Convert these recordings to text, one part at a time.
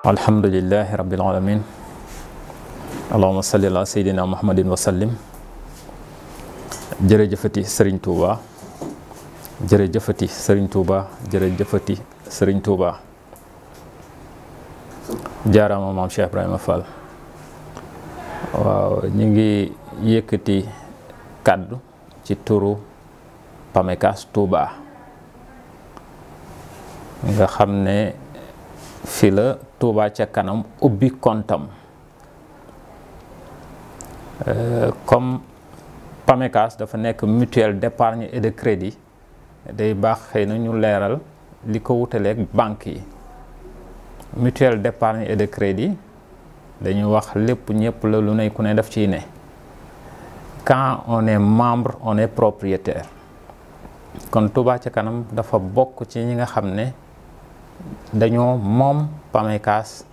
alhamdulillahi rabbil alamin allahumma salli ala sayyidina muhammadin wa sallim jërëjëfati sëriñ tuuba jërëjëfati sëriñ tuuba jërëjëfati sëriñ tuuba jaaraama maam Cheikh waaw ñu ngi yëkkati kàddu ci turu Pamecas Touba nga xam ne fi la Touba ca kanam ubbi kontam euh, comme PAMECAS dafa nekk mutuelle d'épargne et de crédit day baax xëy na ñu leeral li ko wutaleeg banque yi mutuelle d'épargne et de crédit dañu wax lépp ñëpp la lu ne ku ne daf ciy ne quand on est membre on est propriétaire kon Touba ca kanam dafa bokk ci ñi nga xam ne dañoo moom Pamecas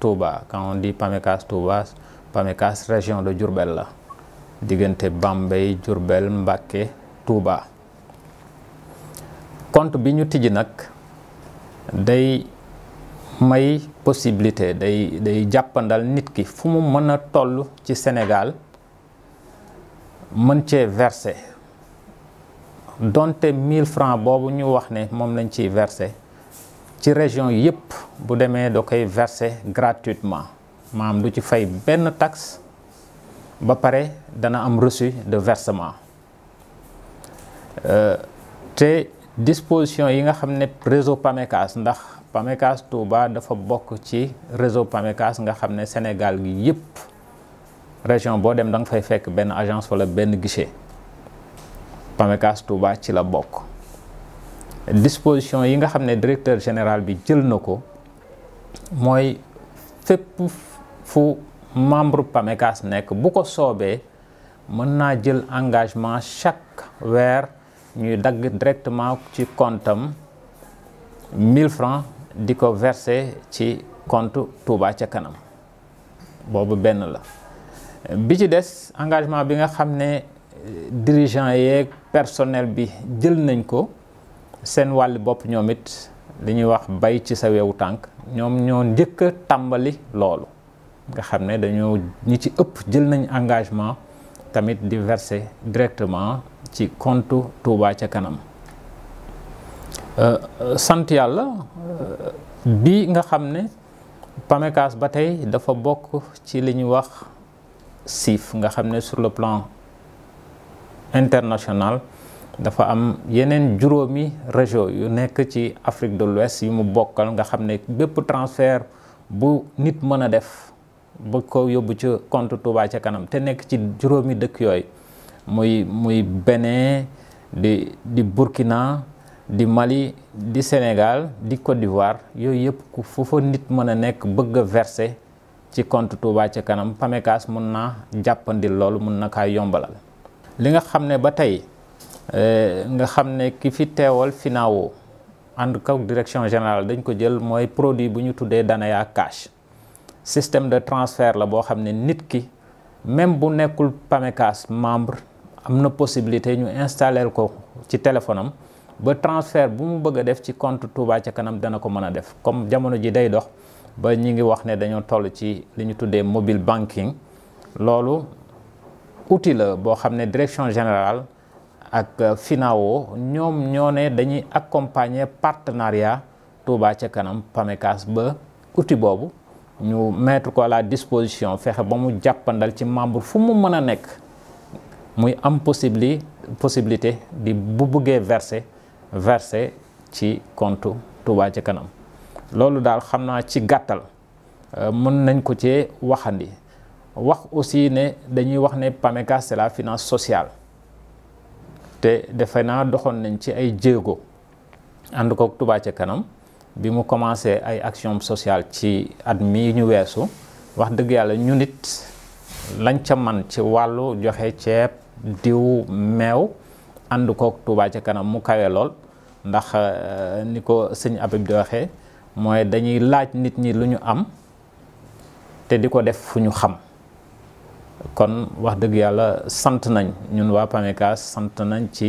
Touba quand on dit pamekaas Touba Pamecas région de Diourbel la diggante Bambey jurbel Mbacké Touba kont bi ñu tijji nag day may possibilité day day jàppandal nit ki fu mu mën a toll ci Sénégal mën cee verse donte 1000 francs boobu ñu wax ne moom lañ ciy verser ci région yi yëpp bu demee da koy verser gratuitement maam du ci fay benn tax ba pare dana am reçu de versement euh, te disposition yi nga xam ne réseau PAMECAS ndax PAMECAS Touba dafa bokk ci réseau PAMECAS nga xam ne Sénégal gi yëpp région boo dem da nga fay fekk benn agence wala benn guichet PAMECAS Touba ci la bokk disposition yi nga xam ne directeur général bi jël na ko mooy fépp fu membre PAMECAS nekk bu ko soobee mën naa jël engagement chaque weer ñuy dagg directement ci comptam 1000 francs di ko verser ci compte Touba ca kanam boobu benn la bi ci des engagement bi nga xam ne euh, dirigeant yeeg personnel bi jël nañ ko seen wàllu bopp ñoom it li ñuy wax bay ci sa wewu tànk ñoom ñoo njëkk a tàmbali loolu nga xam ne dañoo ñi ci ëpp jël nañu engagement tamit di verser directement ci compte Touba ca kanam euh, euh, sant yàlla euh, bi nga xam ne PAMECAS ba tey dafa bokk ci li ñuy wax siif nga xam ne sur le plan international dafa am yeneen juróomi région yu nekk ci Afrique de l'Ouest yi mu bokkal nga xam ne bépp transfert bu nit mën a def ba ko yóbbu ci compte Touba ca kanam te nekk ci juróomi dëkk yooyu muy muy Bénin di Burkina di Mali di Sénégal di Côte d'Ivoire yooyu yëpp fu fa nit mën a nekk bëgg a verser ci compte Touba ca kanam PAMECAS mun naa jàppandi loolu mun na kaa yombalal li nga xam ne ba tey Euh, nga xam ne ki fi teewal FINAO ànd kaw direction général dañ ko jël mooy produit bu ñu tuddee Danaya Cash système de transfert la boo xam ne nit ki même bu nekkul PAMECAS membre am na possibilité ñu installer ko ci téléphone am ba transfert bu mu bëgg a def ci compte Touba ca kanam dana ko mën a def comme jamono ji day dox ba ñu ngi wax ne dañoo toll ci li ñu tuddee mobile banking loolu outil la boo xam ne direction général ak FINAO ñoom ñoo ne dañuy accompagner partenariat Touba ca kanam PAMECAS ba outil boobu ñu mettre ko à la disposition fexe ba mu jàppandal ci membre fu mu mën a nekk muy am possibli possibilité di bu bëggee verser verser ci compte Touba ca kanam loolu daal xam naa ci gàttal euh, mën nañ ko cee waxandi wax aussi ne dañuy wax ne PAMECAS c'est la finance sociale te defe naa doxoon nañ ci ay jéego ànd koog Touba ca kanam bi mu commencé ay action sociale ci at mi ñu weesu wax dëgg yàlla ñu nit lañ ca man ci wàllu joxe ceeb diw meew ànd kook Touba ca kanam mu kawe lool ndax euh, ni ko sëñ Abib di mooy dañuy laaj nit ñi lu ñu am te di ko def fu ñu xam kon wax dëgg yàlla sant nañ ñun waa PAMECAS sant nañ ci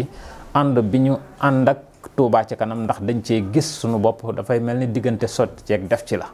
ànd bi ñu ànd ak Touba ci kanam ndax dañ cee gis suñu bopp dafay mel ni diggante sotti ceeg def ci la